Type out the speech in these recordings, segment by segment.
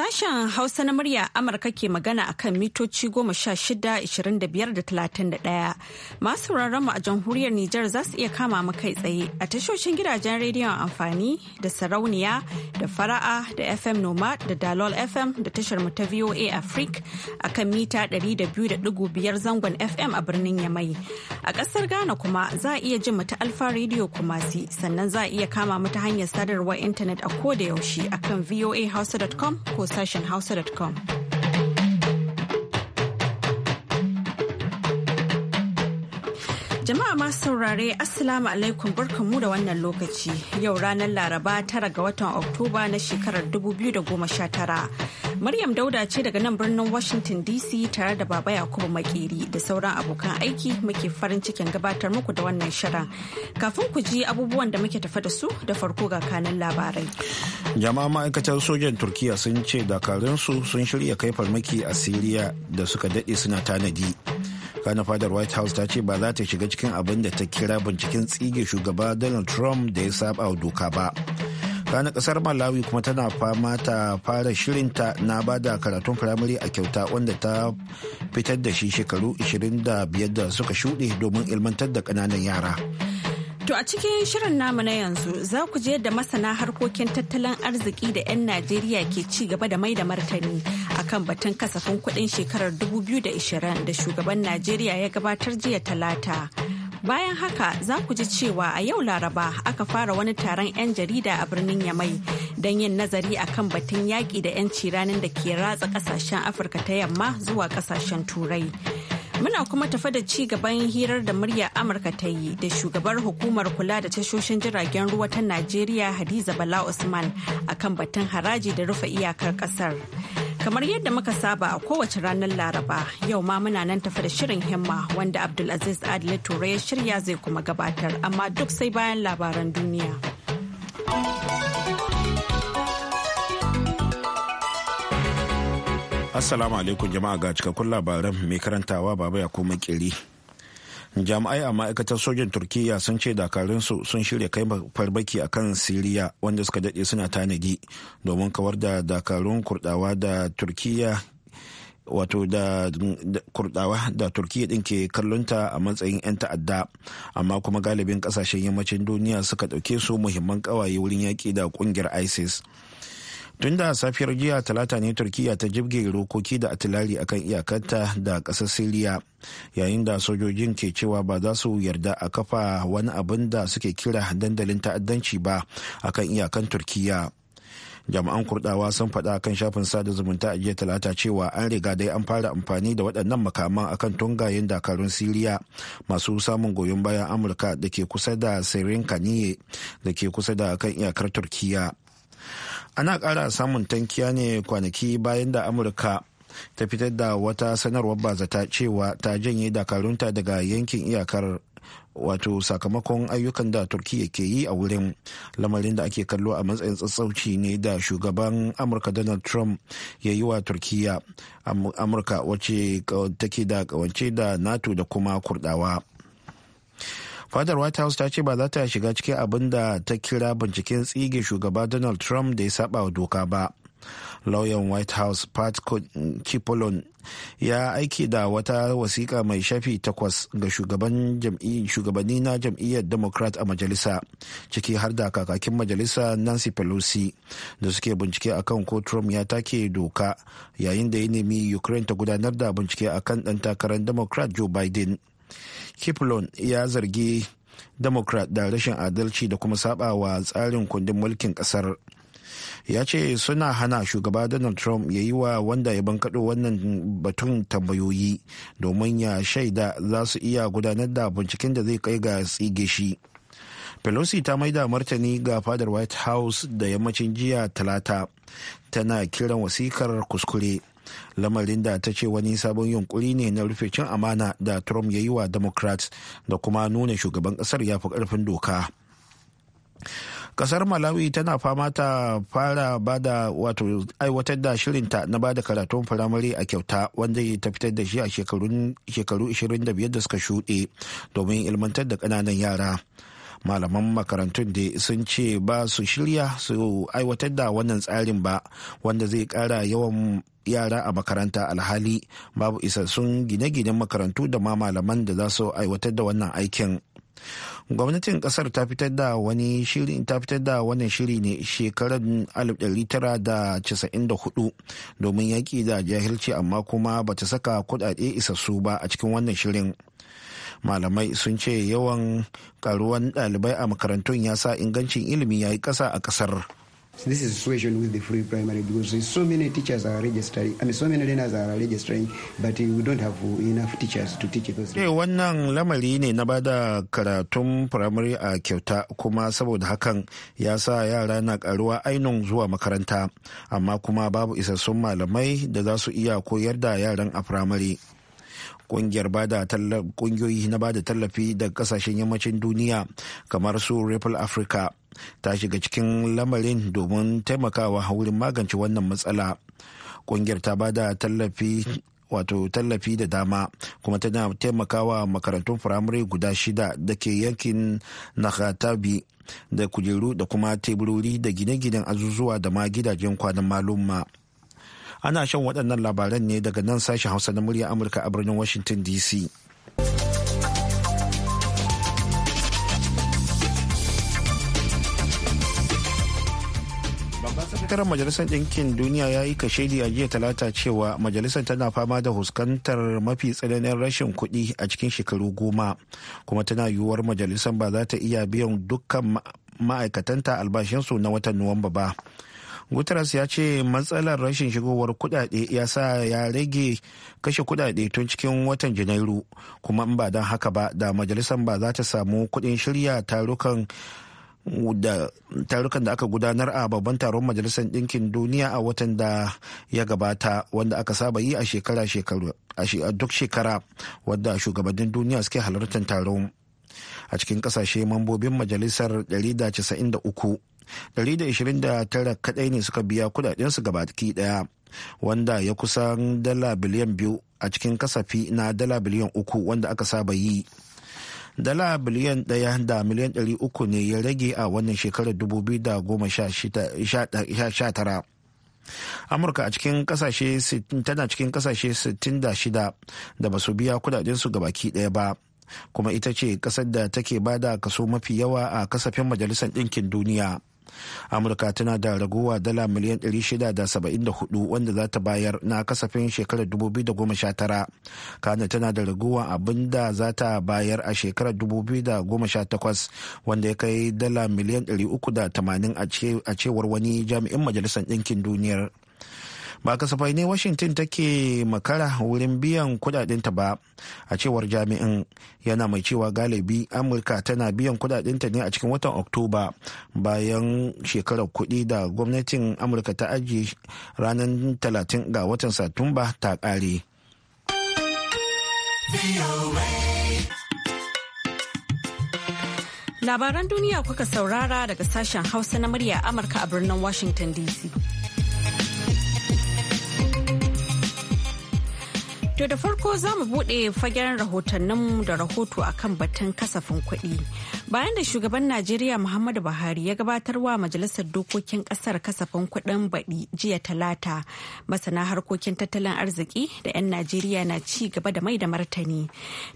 Sashen Hausa na murya Amurka ke magana a kan mitoci goma sha shida, ishirin da biyar da talatin da ɗaya. Masu mu a jamhuriyar Nijar za su iya kama mu kai tsaye a tashoshin gidajen rediyon amfani da sarauniya da fara'a da FM Noma da Dalol FM da tashar mu ta VOA Africa a kan mita biyar zangon FM a birnin Yamai. A ƙasar Ghana kuma za a iya jin mu ta Alfa Radio Kumasi sannan za a iya kama mu ta hanyar sadarwar intanet a ko da yaushe a kan voahausa.com ko sashen hausa.com. Jama'a masu saurare Assalamu alaikum barkanmu da wannan lokaci yau ranar Laraba tara ga watan Oktoba na shekarar 2019. Maryam Dauda ce daga nan birnin Washington DC tare da Baba Yakubu Makeri da sauran abokan aiki muke farin cikin gabatar muku da wannan shirin. Kafin ku ji abubuwan da muke tafa da su da farko ga kanan labarai. Jama'a ma'aikatar sojan Turkiya sun ce dakarunsu sun shirya kai farmaki a Siriya da suka daɗe suna tanadi. kana fadar white house ta ce ba za ta shiga cikin abin da ta kira binciken tsige shugaba donald trump da ya saba doka ba kana kasar malawi kuma tana fama ta fara shirinta na ba da karatun firamare a kyauta wanda ta fitar da shi shekaru 25 da suka shuɗe domin ilmantar da ƙananan yara To a cikin shirin namu na yanzu za ku je da masana harkokin tattalin arziki da 'yan Najeriya ke ci gaba da mai da martani a kan batun kasafin kuɗin shekarar 2020 da shugaban Najeriya ya gabatar jiya talata. Bayan haka za ku ji cewa a yau Laraba aka fara wani taron 'yan jarida a birnin Yamai don yin nazari a kan batun yaƙi da 'yanci ranar da ke ratsa ƙasashen Afirka ta yamma zuwa ƙasashen Turai. Muna kuma tafa da ci gaban hirar da murya Amurka ta yi da shugabar hukumar kula da tashoshin jiragen ruwa ta Najeriya Hadiza Bala Usman akan batun haraji da rufe iyakar ƙasar. Kamar yadda muka saba a kowace ranar Laraba, yau ma muna nan tafa da shirin himma wanda Abdulaziz Adile Ture ya shirya zai kuma gabatar, amma duk sai bayan labaran duniya. Assalamu alaikum jama'a ga cikakkun labaran mai karantawa baba ya kuma kiri. Jami'ai a ma'aikatar sojin Turkiyya sun ce dakarunsu sun shirya kai farbaki a kan Siriya wanda suka daɗe suna tanadi domin kawar da dakarun kurdawa da Turkiyya wato da kurdawa da turkiya din ke kallonta a matsayin 'yan ta'adda amma kuma galibin kasashen yammacin duniya suka ɗauke su muhimman ƙawaye wurin yaki da ƙungiyar isis tun da safiyar jiya talata ne turkiya ta jibge rokoki da atilari akan iyakarta da ƙasar siriya yayin da sojojin ke cewa ba za su yarda a kafa wani abin da suke kira dandalin ta'addanci ba akan iyakan turkiya jami'an kurdawa sun faɗa kan shafin sada zumunta a jiya talata cewa an riga dai an fara amfani da waɗannan makaman akan tungayen dakarun siriya masu samun goyon bayan amurka da ke kusa da sirin kaniye da ke kusa da kan iyakar turkiya ana ƙara samun tankiya ne kwanaki bayan da amurka ta fitar da wata sanarwar bazata cewa ta janye dakarunta daga yankin iyakar wato sakamakon ayyukan da turkiya ke yi a wurin lamarin da ake kallo a matsayin tsatsauci ne da shugaban amurka donald trump ya yi wa turkiya amurka wacce take da kawance da nato da kuma kurdawa fadar white house ta ce ba za ta shiga cikin abin da ta kira binciken tsige shugaba donald trump da ya saba wa doka ba lauyan white house pat cipollon ya aiki da wata wasiƙa mai shafi takwas ga shugabanni na jam'iyyar democrat a majalisa ciki har da kakakin majalisa nancy pelosi da suke bincike akan ko trump ya take doka yayin da ya nemi ukraine ta gudanar da bincike akan ɗan takarar democrat joe biden kiplon ya zargi democrat da rashin adalci da kuma saba wa tsarin kundin mulkin kasar ya ce suna hana shugaba donald trump ya yi wa wanda ya bankaɗo wannan batun tambayoyi domin ya shaida za su iya gudanar da binciken da zai kai ga tsige shi pelosi ta maida martani ga fadar white house da yammacin jiya talata tana kiran wasikar kuskure lamarin da ta ce wani sabon yunkuri ne na rufe cin amana da trump ya yi wa democrats da kuma nuna shugaban kasar ya fi karfin doka kasar malawi tana fama ta fara bada wato aiwatar da shirinta na bada karatun firamare a kyauta wanda ta fitar da shi a shekaru 25 da suka shuɗe domin ilmantar da ƙananan yara malaman makarantun da sun ce ba su shirya su aiwatar da wannan tsarin ba wanda zai kara yawan yara a makaranta alhali babu isassun gine-ginen makarantu da ma malaman da za su aiwatar da wannan aikin gwamnatin kasar ta fitar da wani shiri ta fitar da wannan shiri ne shekarar 1994 domin yaƙi da jahilci amma kuma bata saka kudade isassu ba a cikin wannan shirin malamai sun ce yawan karuwan ɗalibai a makarantun ya sa ingancin ilimi ya yi ƙasa a ƙasar this is situation with the free primary because so many teachers are registering I mean so many learners are registering but we don't have enough teachers to teach those eh wannan lamari ne na bada karatun primary a kyauta kuma saboda hakan ya sa yara na karuwa ainun zuwa makaranta amma kuma babu isassun malamai da za su iya koyar da yaran a primary kungiyar kungiyoyi na bada tallafi daga kasashen yammacin duniya kamar su ripple africa ta shiga cikin lamarin domin taimakawa wurin magance wannan matsala kungiyar ta bada tallafi wato tallafi da dama kuma tana taimakawa makarantun firamare guda shida da ke yankin nakatabi da kujeru da kuma teburori da gine-ginen azuzuwa da ma gidajen kwanan malumma. ana shan waɗannan labaran ne daga nan sashen hausa na murya amurka a birnin washington dc sakataren majalisar ɗinkin duniya ya yi kashedi a jiya talata cewa majalisar tana fama da huskantar mafi tsananin rashin kuɗi a cikin shekaru goma kuma tana yiwuwar majalisar ba za ta iya biyan dukkan ma'aikatanta albashinsu na watan nuwamba ba guterres ya ce matsalar rashin shigowar kudade ya sa ya rage kashe kudade tun cikin watan janairu kuma in ba don haka ba da majalisar ba za ta samu kudin shirya tarukan da tarukan da aka gudanar a babban taron majalisar ɗinkin duniya a watan da ya gabata wanda aka saba yi a shekara a duk shekara wadda shugabannin duniya suke halartar taron a cikin kasashe mambobin majalisar 193 129 kadai ne suka biya kudadensu gabaki daya wanda ya kusan dala biliyan biyu a cikin kasafi na dala biliyan uku wanda aka saba yi dala biliyan daya da miliyan dari uku ne ya rage a wannan shekarar 2019 amurka a cikin kasashe tana cikin kasashe 66 da ba su biya kudadensu gabaki daya ba kuma ita ce kasar da take bada kaso mafi yawa a kasafin majalisar ɗinkin duniya amurka tana da raguwa dala miliyan 674 wanda za ta bayar na kasafin shekarar 2019 kana tana da raguwa abin da za ta bayar a shekarar 2018 wanda ya kai dala miliyan 380 a cewar wani jami'in majalisar ɗinkin duniyar ba kasafai ne washington take makara wurin biyan kudadinta ba a cewar jami'in yana mai cewa galibi amurka tana biyan kudadinta ne a cikin watan oktoba bayan shekarar kudi da gwamnatin amurka ta ajiye ranar 30 ga watan satumba ta kare labaran duniya kuka saurara daga sashen hausa na murya amurka a birnin washington dc To da farko za mu buɗe fagen rahotannin da rahoto a kan batun kasafin kuɗi. Bayan da shugaban Najeriya Muhammadu Buhari ya gabatar wa Majalisar Dokokin Ƙasar kasafin kuɗin baɗi jiya talata, masana harkokin tattalin arziki da 'yan Najeriya na ci gaba da mai da martani.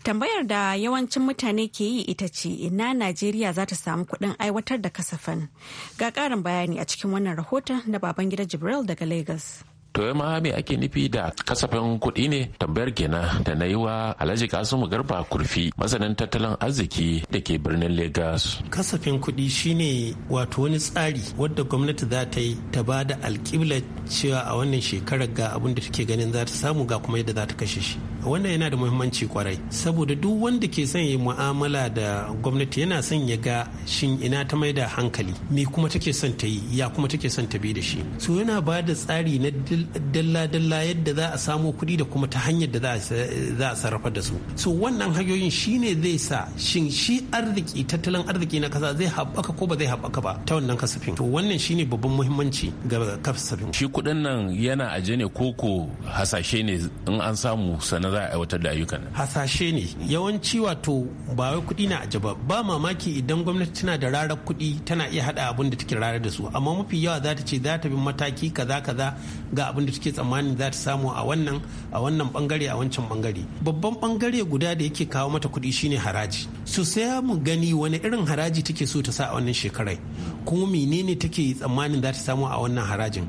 Tambayar da yawancin mutane ke yi ita ce ina Najeriya za ta samu kuɗin aiwatar da kasafin. Ga ƙarin bayani a cikin wannan rahoton na Babangida Jibril daga Lagos. to ma me ake nufi da kasafin kuɗi ne tambayar Gina da na yi wa alhaji kasimu garba kurfi masanin tattalin arziki da ke birnin lagos kasafin kuɗi shine wato wani tsari wadda gwamnati za ta yi ta ba da alƙiblar cewa a wannan shekarar ga abin da take ganin za ta samu ga kuma yadda za ta kashe shi wannan yana da muhimmanci kwarai saboda duk wanda ke son yi mu'amala da gwamnati yana son ya ga shin ina ta mai da hankali me kuma take son ta yi ya kuma take son ta bi da shi so yana ba da tsari na dil. dalla-dalla yadda za a samo kuɗi da kuma ta hanyar da za a sarrafa da su so wannan hanyoyin shine zai sa shin shi arziki tattalin arziki na kasa zai haɓaka ko ba zai haɓaka ba ta wannan kasafin to wannan shine babban muhimmanci ga kasafin shi kuɗin nan yana aje ne ko hasashe ne in an samu sana za a aiwatar da ayyukan hasashe ne yawanci wato ba wai kuɗi na aje ba mamaki idan gwamnati tana da rarar kuɗi tana iya haɗa abun da take rarar da su amma mafi yawa za ta ce za ta bi mataki kaza kaza ga abin da take tsammanin za ta samu a wannan a wannan bangare a wancan bangare babban bangare guda da yake kawo mata kuɗi shine haraji su sai mu gani wani irin haraji take so ta sa a wannan shekarai kuma menene take tsammanin za ta samu a wannan harajin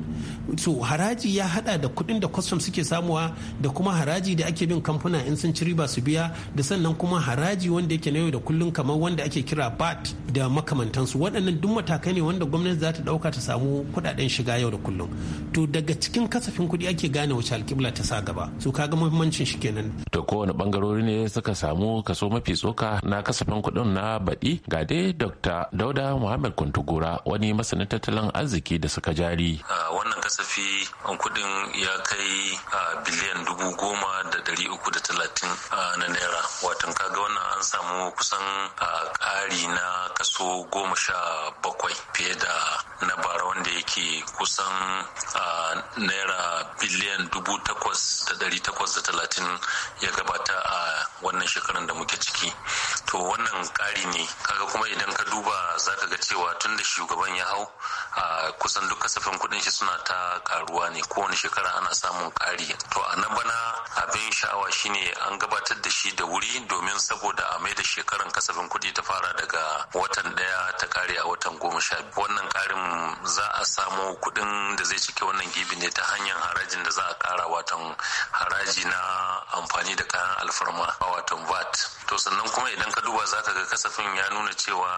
so haraji ya hada da kuɗin da kwastam suke samuwa da kuma haraji da ake bin kamfuna in sun ci riba su biya da sannan kuma haraji wanda yake na yau da kullun kamar wanda ake kira bat da makamantansu waɗannan duk matakai ne wanda gwamnati za ta ɗauka ta samu kuɗaɗen shiga yau da kullum to daga cikin cikin kasafin kuɗi ake gane wace alƙibla ta sa gaba su ga muhimmancin shi kenan to kowane bangarori ne suka samu kaso mafi tsoka na kasafin kuɗin na baɗi ga dai dr dauda muhammad kuntugura wani masanin tattalin arziki da suka jari wannan kasafi kudin ya kai a biliyan dubu goma da dari uku da talatin na naira watan kaga wannan an samu kusan a kari na kaso goma sha bakwai fiye da na bara wanda yake kusan naira biliyan dubu takwas da dari takwas da talatin ya gabata a wannan shekarun da muke ciki to wannan kari ne kaga kuma idan ka duba za ka ga cewa tun da shugaban ya hau kusan duk kasafin kudin shi suna ta ta karuwa ne kowane shekara ana samun ƙari to a nan bana abin sha'awa shine an gabatar da shi da wuri domin saboda a mai da shekaran kasafin kuɗi ta fara daga watan ɗaya ta kare a watan goma sha biyu wannan karin za a samo kuɗin da zai cike wannan gibi ne ta hanyar harajin da za a kara watan haraji na amfani da kayan alfarma watan vat to sannan kuma idan ka duba za ka ga kasafin ya nuna cewa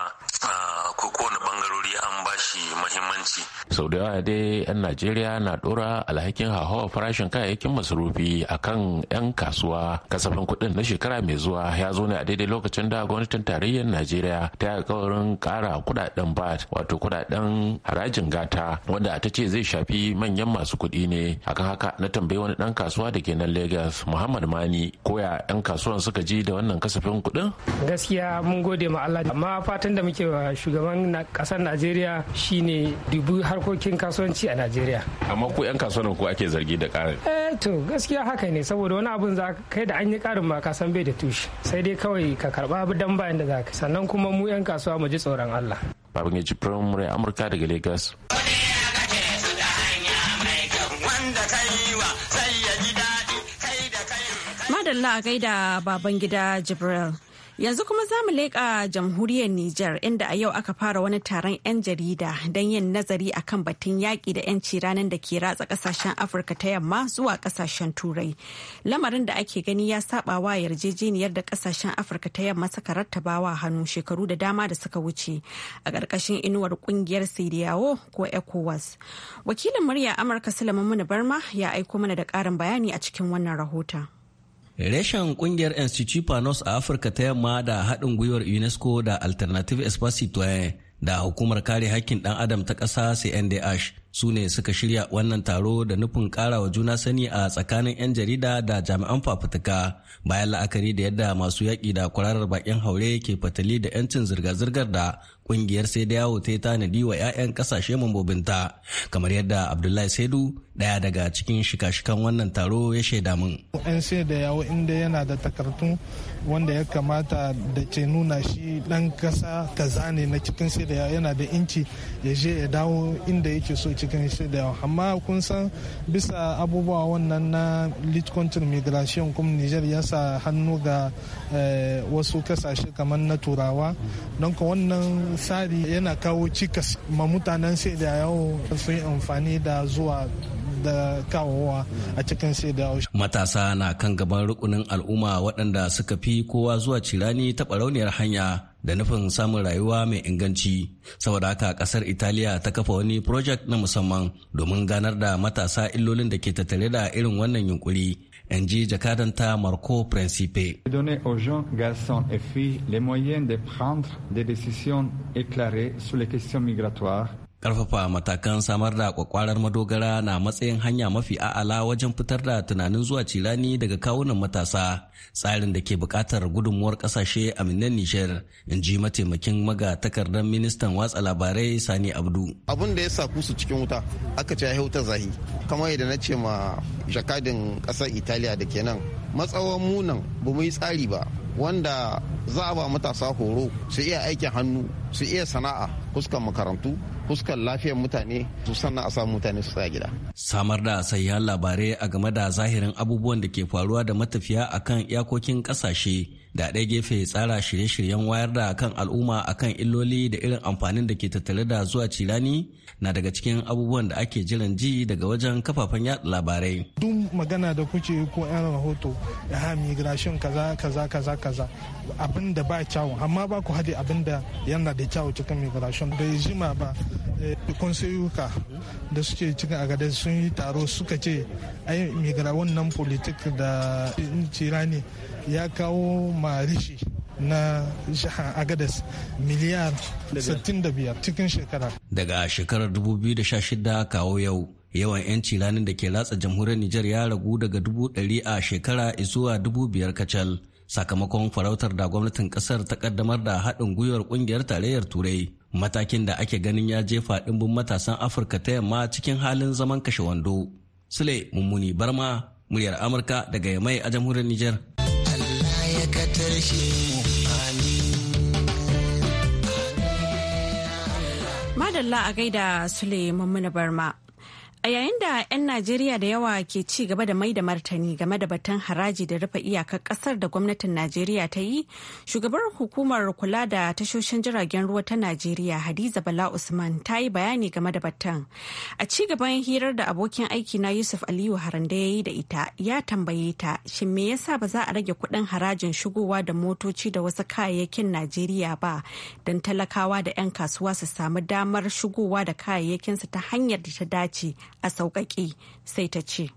ko kowane bangarori an ba shi mahimmanci sau da yawa dai 'yan najeriya na dora alhakin hawa farashin kayayyakin masarufi akan 'yan kasuwa kasafin kuɗin na shekara mai zuwa ya zo ne a daidai lokacin da gwamnatin tarayyar najeriya ta yi alkawarin kara kuɗaɗen bat wato kuɗaɗen harajin gata wanda ta ce zai shafi manyan masu kuɗi ne akan haka na tambayi wani ɗan kasuwa da ke nan lagos muhammad Muhammad ko koya 'yan kasuwan suka je da wannan kasafin kuɗin? Gaskiya mun gode ma Allah amma fatan da muke wa shugaban kasar Najeriya shine dubu harkokin kasuwanci a Najeriya. Amma ku 'yan kasuwan ku ake zargi da ƙarin? Eh to gaskiya haka ne saboda wani abun za kai da an yi ƙarin ma ka san bai da tushe sai dai kawai ka karɓa dan bayan da za sannan kuma mu 'yan kasuwa mu ji tsoron Allah. Babangiji Firin Murai Amurka daga Lagos. dalla a gaida baban gida Jibril. Yanzu kuma za mu leƙa jamhuriyar Nijar inda a yau aka fara wani taron 'yan jarida don yin nazari a kan batun yaƙi da 'yanci ranar da ke ratsa ƙasashen Afirka ta yamma zuwa ƙasashen Turai. Lamarin da ake gani ya saba wa yarjejeniyar da ƙasashen Afirka ta yamma suka rattabawa hannu shekaru da dama da suka wuce a ƙarƙashin inuwar ƙungiyar Sidiyawo ko ECOWAS. Wakilin murya Amurka Sulaiman Muni Barma ya aiko mana da ƙarin bayani a cikin wannan rahoton. Reshen kungiyar Institut Panos a Afirka ta yamma da haɗin gwiwar UNESCO da Alternative Espace da hukumar kare hakkin ɗan adam ta ƙasa CNDH su ne suka shirya wannan taro da nufin ƙara wa juna sani a tsakanin 'yan jarida da jami'an fafutuka bayan la'akari da yadda masu yaƙi da kwararar bakin haure ke fatali da 'yancin zirga-zirgar da kungiyar sai da yawo ta yi tanadi wa 'ya'yan kasashe mambobinta kamar yadda abdullahi saidu daya daga cikin shika-shikan wannan taro ya shaida min. yan sai da yawo inda yana da takardu wanda ya kamata da ce nuna shi dan kasa kaza ne na cikin sai da yawo yana da inci ya je ya dawo inda yake so cikin sai da yawo amma kun san bisa abubuwa wannan na lead country migration kuma niger ya sa hannu ga eh, wasu kasashe kamar na turawa don ka wannan tsari yana kawo cikas ma mutanen sai da yawo su yi amfani da zuwa da kawowa a cikin sai da matasa na kan gaban rukunin al'umma waɗanda suka fi kowa zuwa cirani ta barauniyar hanya da nufin samun rayuwa mai inganci saboda haka kasar italiya ta kafa wani project na musamman domin ganar da matasa illolin da ke tattare da irin wannan yunkuri De Principe. Donner aux jeunes garçons et filles les moyens de prendre des décisions éclairées sur les questions migratoires Karfafa matakan samar da kwakwarar madogara na matsayin hanya mafi a'ala wajen fitar da tunanin zuwa cirani daga kawunan matasa tsarin da ke bukatar gudunmuwar kasashe a minnan nishar in ji mataimakin maga takardar ministan watsa labarai Sani Abdu. Abun da ya sa su cikin wuta aka ce ya wuta zahi kamar yadda na ce ma jakadin kasar Italiya da kenan matsawan munan ba mu yi tsari ba wanda za a ba matasa horo su iya aikin hannu su iya sana'a fuskan makarantu fuskan lafiyar mutane su sannan a samu mutane su tsaya gida. Samar da sayyan labarai a game da zahirin abubuwan da ke faruwa da matafiya a kan iyakokin kasashe da ɗaya gefe tsara shirye-shiryen wayar da kan al'umma a kan illoli da irin amfanin da ke tattare da zuwa cirani na daga cikin abubuwan da ake jiran ji daga wajen kafafen yaɗa labarai. Duk magana da kuke ko yan rahoto ya ha migration kaza kaza kaza kaza abin da ba kyawun amma ba ku haɗe abin da yana da kyawun cikin migration bai jima ba da eh, kunsiyuka da suke cikin agada sun yi taro suka ce ai migra wannan politik da cirani ya kawo marishi na jihar agadas miliyar 65 cikin shekara daga shekarar 2016 kawo yau yawan 'yanci ranar da ke latsa jamhuriyar Nijar ya ragu daga dubu a shekara zuwa dubu biyar kacal sakamakon farautar da gwamnatin kasar ta kaddamar da haɗin gwiwar kungiyar tarayyar turai matakin da ake ganin ya jefa ɗimbin matasan afirka ta yamma cikin halin zaman kashe wando sule mummuni barma muryar amurka daga yamai a jamhuriyar niger madalla a gaida sule mummuni barma A yayin da 'yan Najeriya da yawa ke ci gaba da mai da martani game da batun haraji da rufe iyakar kasar da gwamnatin Najeriya ta yi, shugabar hukumar kula da tashoshin jiragen ruwa ta Najeriya Hadiza Bala Usman ta yi bayani game da batun. A ci gaban hirar da abokin aiki na Yusuf Aliyu Haranda ya yi da ita, ya tambaye ta, shin me yasa ba za a rage kuɗin harajin shigowa da motoci da wasu kayayyakin Najeriya ba don talakawa da 'yan kasuwa su samu damar shigowa da kayayyakinsu ta hanyar da ta dace a sauƙaƙe sai ta ce.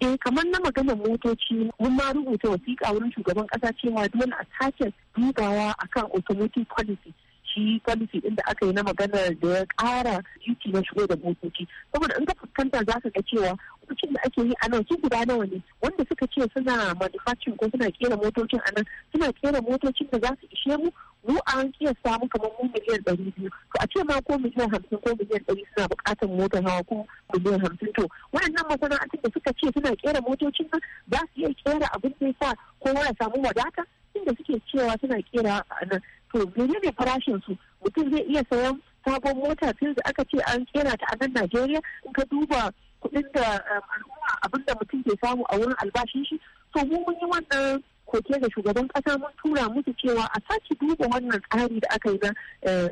eh kamar na maganar motoci mun ma rubuta wasiƙa wurin shugaban ƙasa cewa dole a sake dubawa akan automotive policy shi policy ɗin da aka yi na maganar da ya ƙara duty na shigo da motoci saboda in ka fuskanta za ka ga cewa lokacin da ake yi a nan su guda nawa ne wanda suka ce suna manufacturing ko suna kera motocin a nan suna kera motocin da za su ishe mu mu a hankiya samu kamar mu miliyan ɗari biyu to a ce ma ko miliyan hamsin ko miliyan ɗari suna buƙatar motar hawa ko miliyan hamsin to waɗannan masana'antun da suka ce suna ƙera motocin nan za su iya ƙera abin da ya sa kowa ya samu wadata inda suke cewa suna ƙera a nan to ne farashin su mutum zai iya sayan sabon mota tun da aka ce an ƙera ta a nan Najeriya in ka duba kuɗin da eh, al'umma abin mutum ke samu a wurin albashin shi to mu mun yi wannan koke ga shugaban kasa mun tura musu cewa a sake duba wannan tsari da aka yi na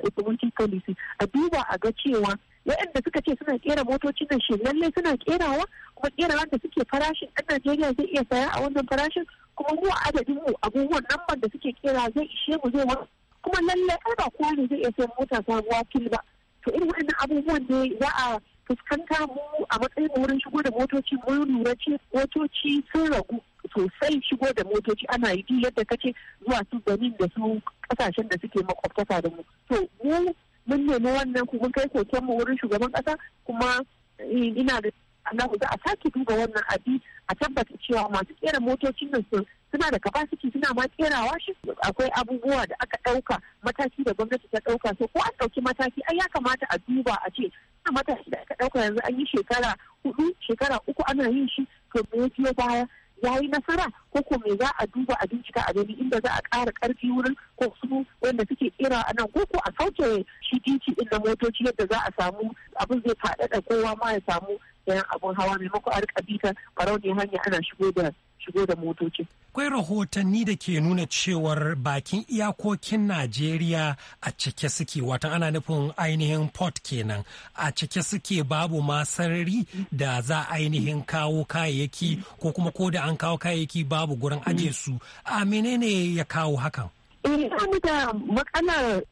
economic eh, policy a duba a ga cewa waɗanda suka ce suna kera motocin nan shi lallai suna kerawa kuma kera da suke farashin ɗan Najeriya zai iya saya a wannan farashin kuma mu adadin mu abubuwan namban da suke kera zai ishe mu zai wani kuma lallai ai ba kowa ne zai iya sayan mota sabuwa kil ba to irin waɗannan abubuwan ne za a fuskanta mu a matsayin wurin shigo da motoci mun lura ce motoci sun ragu sosai shigo da motoci ana yi duk yadda kace zuwa su benin da su kasashen da suke makwabtaka da mu to mu mun nemi wannan mun kai koken mu wurin shugaban kasa kuma eh, ina da na za a sake duba wannan abi a tabbata cewa masu kera motocin nan suna da capacity suna ma kerawa shi akwai abubuwa da aka ɗauka mataki da gwamnati ta ɗauka so ko an ɗauki mataki ai ya kamata a duba a ce Ina mataki da aka ɗauka yanzu an yi shekara hudu shekara uku ana yin shi to baya ya yi nasara ko ko me za a duba a bincika a gani inda za a ƙara ƙarfi wurin ko su wanda suke kira a nan ko ko a sauke shi titi din na motoci yadda za a samu abin zai faɗaɗa kowa ma ya samu sayan abin hawa maimako a rika bita farauniyar hanya ana shigo da shigo da motoci. akwai rahotanni da ke nuna cewar bakin iyakokin najeriya a cike suke wata ana nufin ainihin port kenan a cike suke babu ma sarari da za ainihin kawo kayayyaki ko kuma ko da an kawo kayayyaki babu gurin aje su a menene ya kawo hakan eh da matsalar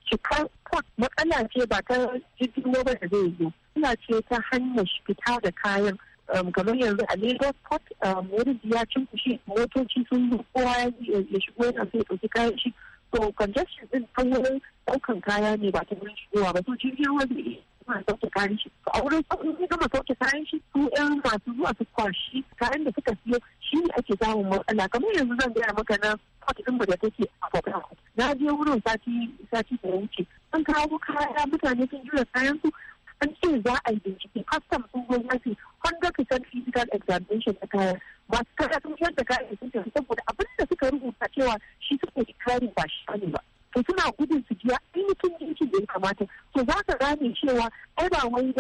ce ba ta jirgin ba zai zo ce ta hanyar fita da kayan Um, kamar yanzu a lagos port um, wani ya kushi motoci sun zo kowa ya shigo yana sai ya ɗauki kayan shi to congestion din kan wurin ɗaukan kaya ne ba ta wurin shigowa ba to jirgin ruwa zai a sauke kayan shi a wurin sun gama sauke kayan shi su ƴan masu zuwa su kwashi kayan da suka siyo shi ne ake samun matsala kamar yanzu zan gaya maka na kwata ɗin da take a kwakwa na je wurin sati sati da wuce an kawo kaya mutane sun jura kayan su an ce za a yi bincike custom sun zo mafi 100% physical examination da kayan masu kaya sun yadda kayan sun tafi saboda abin da suka rubuta cewa shi suke kari ba shi ba to suna gudun su jiya ainihin jinkin da ya kamata to za ka gane cewa ai ba wai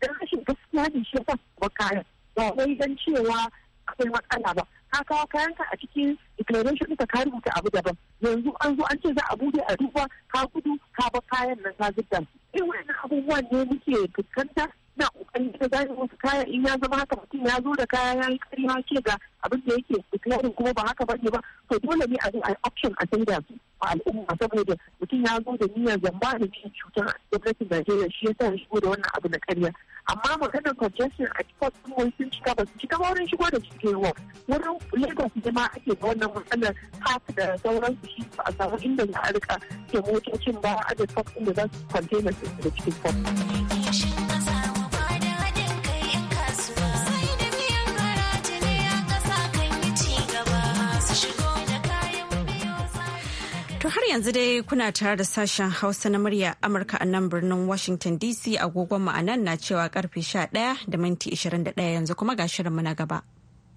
da rashin gaskiya ne shi Ba kayan ba wai don cewa akwai matsala ba ka kawo kayanka a cikin declaration ka ka rubuta abu daban yanzu an zo an ce za a bude a duba ka gudu ka ba kayan nan ka zidda in wannan abubuwan ne muke fuskanta na kokarin ta gane wasu kaya in ya zama haka mutum ya zo da kaya ya yi kariya ce ga abin da yake declaring kuma ba haka bane ba to dole ne a zo a option a canza su a al'umma saboda mutum ya zo da niyyar zamba da cutar gwamnatin Najeriya shi ya sa shigo da wannan abu na karya amma maganar congestion a cikin sun wani sun cika ba su cika ba wurin shigo da suke wa wurin lagos ne ma ake da wannan matsalar park da sauran su shi ba a samu inda za a rika ke motocin ba a da park inda za su container su da cikin park. har yanzu dai kuna tare da sashen Hausa na murya Amurka a nan birnin Washington DC agogon mu na cewa karfe 11 da minti 21 yanzu kuma ga shirinmu na gaba.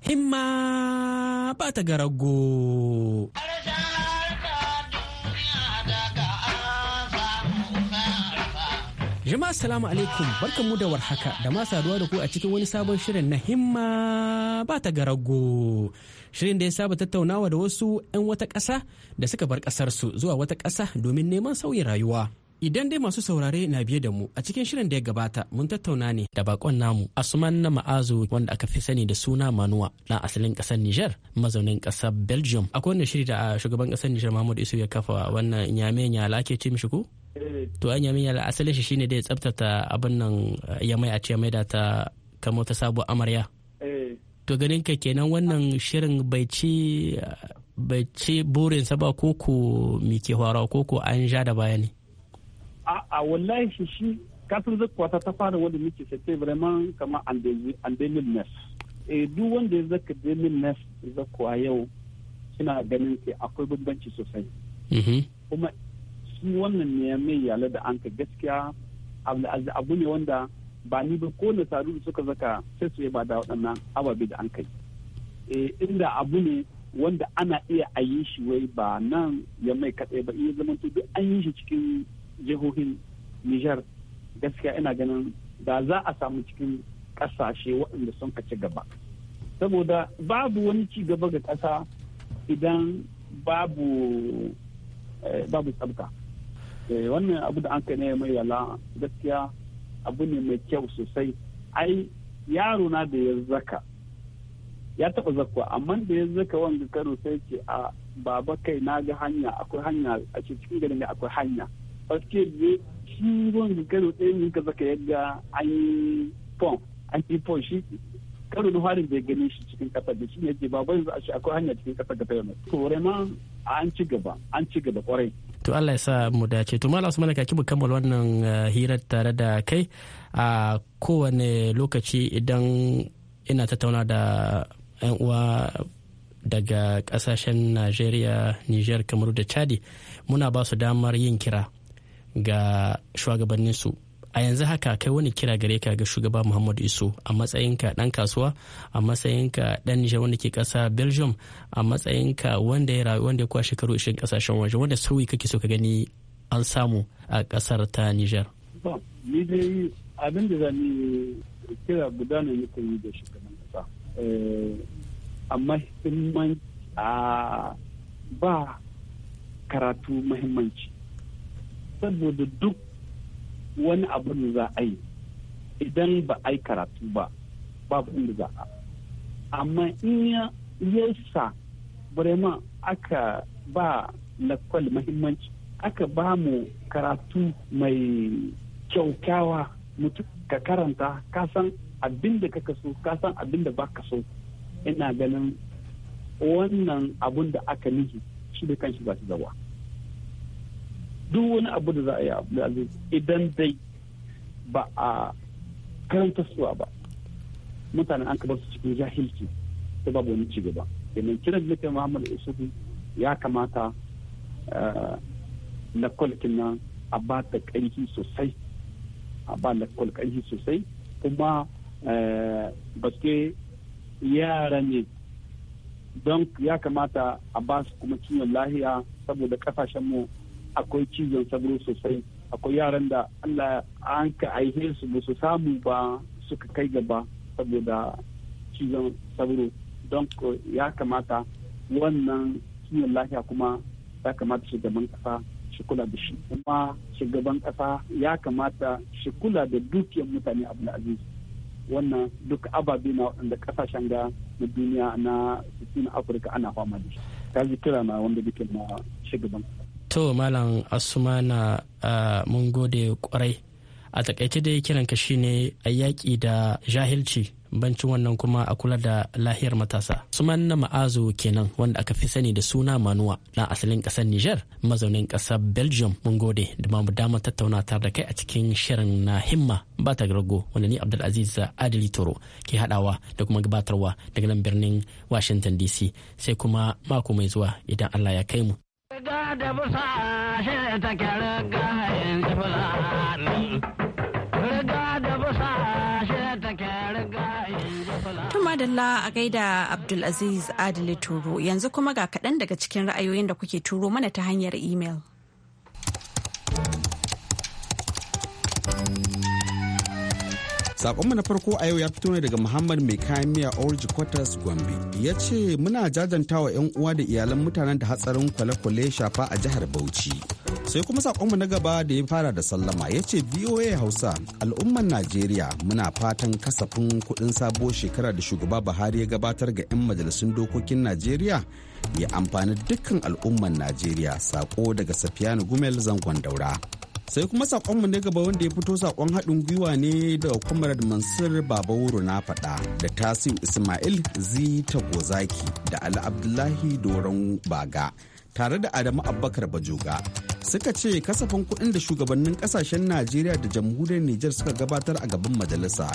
Himma ba ta garago. Jama'a salamu alaikum mu da warhaka da ma saduwa da ku a cikin wani sabon shirin na himma ba ta garago. Shirin da ya saba tattaunawa da wasu 'yan wata ƙasa da suka bar ƙasarsu zuwa wata ƙasa domin neman sauyin rayuwa. Idan dai masu saurare na biye da mu a cikin shirin da ya gabata mun tattauna ne da bakon namu Asuman na Ma'azu wanda aka fi sani da suna Manuwa na asalin ƙasar Niger mazaunin ƙasar Belgium. Akwai wannan shiri da shugaban ƙasar Niger Mahmud Isu ya kafa wannan nyame nyala ke ce mishi ko? to an yami yala asalin shi shine da ya tsabtata abin nan eh, ya mai a ce mai da ta kamo ta sabuwar amarya eh. to ganin ka kenan wannan shirin bai ci eh, bai ci burinsa ba ko ko mi ke horo ko ko an ja da baya ne a wallahi shi shi kasan zakwata ta fara wanda muke sake vraiment kama an dalil nes eh duk wanda ya zaka dalil nes zakwa yau kina ganin sai akwai bambanci sosai mm-hmm. kuma shi wannan ne mai yala da anka gaskiya abu ne wanda ba ni ba ko na saruru suka zaka sai su ba da waɗannan ababe da an kai eh, inda abu ne wanda ana iya a yi shi wai ba nan ya mai kaɗai ba iya zama duk an yi shi cikin jihohin Nijar gaskiya ina ganin da za a samu cikin ƙasashe waɗanda sun ci gaba saboda babu wani ci gaba ga ƙasa idan babu eh, babu tsabta Eh, wannan abu da an ka mai yala gaskiya abu ne mai kyau sosai ai yaro na da ya zaka ya taba zakwa amma da ya zaka wanda karo sai ce a baba kai na ga hanya akwai hanya a cikin garin da akwai hanya paske ne shi wanga karo ɗaya ne ka zaka yadda an yi fon an yi fon shi karo na harin bai gani shi cikin kafa da shi ne ce baba yanzu a shi akwai hanya cikin kafa da ta yamma to rema an ci gaba an ci gaba kwarai to Allah ya sa mu dace to malam Usman ka kibu kammala wannan eh, hirar tare da kai a kowane lokaci idan ina tattauna da yan uwa daga kasashen Najeriya, Niger, Kamaru da Chadi muna ba su damar yin kira ga shugabanninsu a yanzu haka kai wani kira gare ka ga shugaba muhammadu iso a matsayinka dan kasuwa a matsayinka dan nijar wanda ke kasa belgium a matsayinka wanda ya rayu wanda ya kwa shekaru 20 kasashen waje wanda sauyi kake so ka gani an samu a kasar ta nijar ni dai abin da zan kira guda ne nake yi da shugaban kasa eh, amma himman a ba karatu mahimmanci saboda duk wani abu da za a yi idan ba a yi karatu ba babu inda za a amma in ya sa burema aka ba lakwal mahimmanci aka ba mu karatu mai kyaukyawa mutum ka karanta ka san abin da kaka so ka san abin da baka so ina ganin wannan abun da aka nihi shi da kanshi ba shi zawa. duk wani abu da za a yi zai idan dai ba a karanta suwa ba mutanen an kaba su cikin jahilci ta babu wani cigaba domin kiran nufin muhammadu isufu ya kamata eh, kwalikin nan a ba ta ƙarfi sosai a ba lakwal ƙarfi sosai kuma baske eh, yara ne don ya kamata a ba su kuma kiwon lahiya saboda kasashenmu akwai cizon sauro sosai akwai yaran da allah an ka aihe su ba su samu ba suka kai gaba saboda cizon sauro don ya kamata wannan kiwon lafiya kuma ya kamata shugaban kasa shi kula da shi kuma shugaban kasa ya kamata shi kula da dukiyar mutane abu aziz wannan duk ababe na waɗanda ƙasashen ga na duniya na na afirka ana fama da shi ta kira na wanda duke na shugaban kasa to malam asumana mun gode kwarai a takaice dai kiranka shine a yaƙi da jahilci bancin wannan kuma a kula da lahiyar matasa suman na ma'azu kenan wanda aka fi sani da suna manuwa na asalin ƙasar niger mazaunin ƙasar belgium mun gode da mamu dama tattauna tare da kai a cikin shirin na himma ba ta gargo wanda ni abdulaziz adili toro ke haɗawa da kuma gabatarwa daga nan birnin washington dc sai kuma mako mai zuwa idan allah ya kai mu riga da busa shi take riga in ji fulani. Riga da busa shi take riga in ji fulani. a gaida Abdulaziz Adili Turo yanzu kuma ga kaɗan daga cikin ra'ayoyin da kuke turo mana ta hanyar imel. Sakonmu na farko a yau ya fito ne daga Muhammad mai kayan miya Orji Quarters Gombe. Ya ce muna jajantawa 'yan uwa da iyalan mutanen da hatsarin kwale-kwale shafa a jihar Bauchi. Sai kuma sakonmu na gaba da ya fara da sallama ya ce VOA Hausa al'umman Najeriya muna fatan kasafin kuɗin sabo shekara da shugaba Buhari ya gabatar ga 'yan majalisun dokokin Najeriya ya amfani dukkan al'umman Najeriya sako daga Safiyanu Gumel zangon daura. sai kuma sakonmu na gaba wanda ya fito sakon haɗin gwiwa ne da kwamarad mansur wuro na faɗa da tasiu ismail zita gozaki da ali abdullahi doron baga tare da Adamu Abubakar Bajoga suka ce kasafin kuɗin da shugabannin ƙasashen Najeriya da jamhuriyar Nijar suka gabatar a gaban majalisa.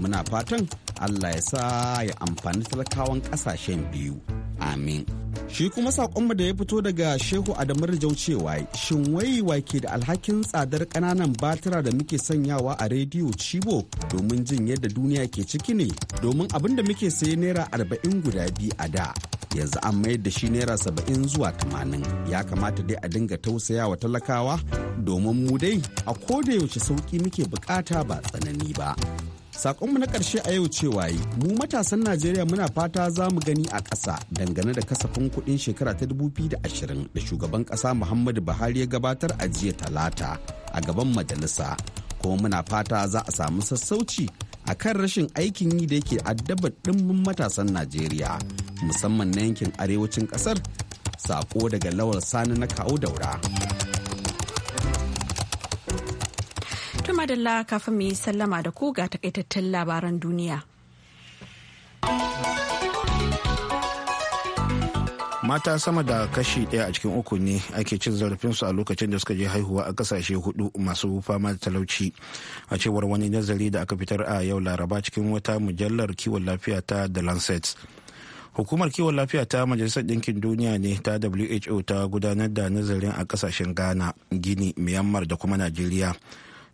Muna fatan Allah ya sa ya amfani talakawan ƙasashen biyu. Amin. Shi kuma saƙonmu da ya fito daga Shehu Adamu Rijau cewa shin wai wake da alhakin tsadar ƙananan batira da muke sanyawa a rediyo Cibo domin jin yadda duniya ke ciki ne domin abin da muke sayi naira arba'in guda biyu a da yanzu an mayar da shi naira saba'in zuwa tamanin ya kamata dai a dinga tausaya wa talakawa domin mu dai a ko da yaushe sauki muke bukata ba tsanani ba Sakonmu na ƙarshe a yau cewa yi, mu matasan Najeriya muna fata za mu gani a ƙasa dangane da kasafin kuɗin shekara ta 2020 da shugaban ƙasa Muhammadu Buhari ya gabatar a jiya talata a gaban majalisa kuma muna fata za a samu sassauci a kan rashin aikin yi da yake addaba dimbin matasan najeriya musamman na yankin arewacin kasar sako daga lawal sani na kawo daura madalla kafin mu yi sallama da ku ga takaitattun labaran duniya. mata sama da kashi ɗaya a cikin uku ne ake cin zarafinsu a lokacin da suka je haihuwa a kasashe hudu masu fama da talauci a cewar wani nazari da aka fitar a yau laraba cikin wata mujallar kiwon lafiya ta the lancet hukumar kiwon lafiya ta majalisar ɗinkin duniya ne ta who ta gudanar da nazarin a kasashen ghana gini myanmar da kuma najeriya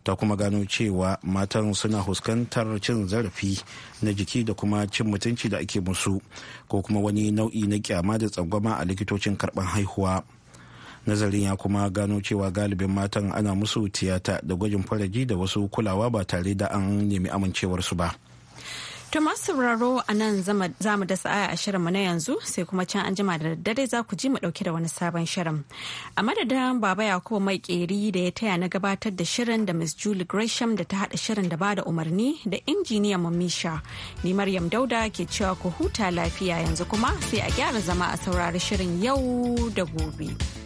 ta kuma gano cewa matan suna fuskantar cin zarafi na jiki da kuma cin mutunci da ake musu ko kuma wani nau'i na kyama da tsangwama a likitocin karban haihuwa nazarin ya kuma gano cewa galibin matan ana musu tiyata da gwajin faraji da wasu kulawa ba tare da an nemi amincewarsu ba. To masu sauraro a nan za mu dasa aya a shirinmu na yanzu sai kuma can an jima da daddare za ku ji mu dauke da wani sabon shirin. A madadin Baba Yakubu mai keri da ya taya na gabatar da shirin da Miss Julie Gresham da ta haɗa shirin da bada umarni da injiniyan Mamisha. Ni Maryam Dauda ke cewa ku huta lafiya yanzu kuma sai a gyara zama a saurari shirin yau da gobe.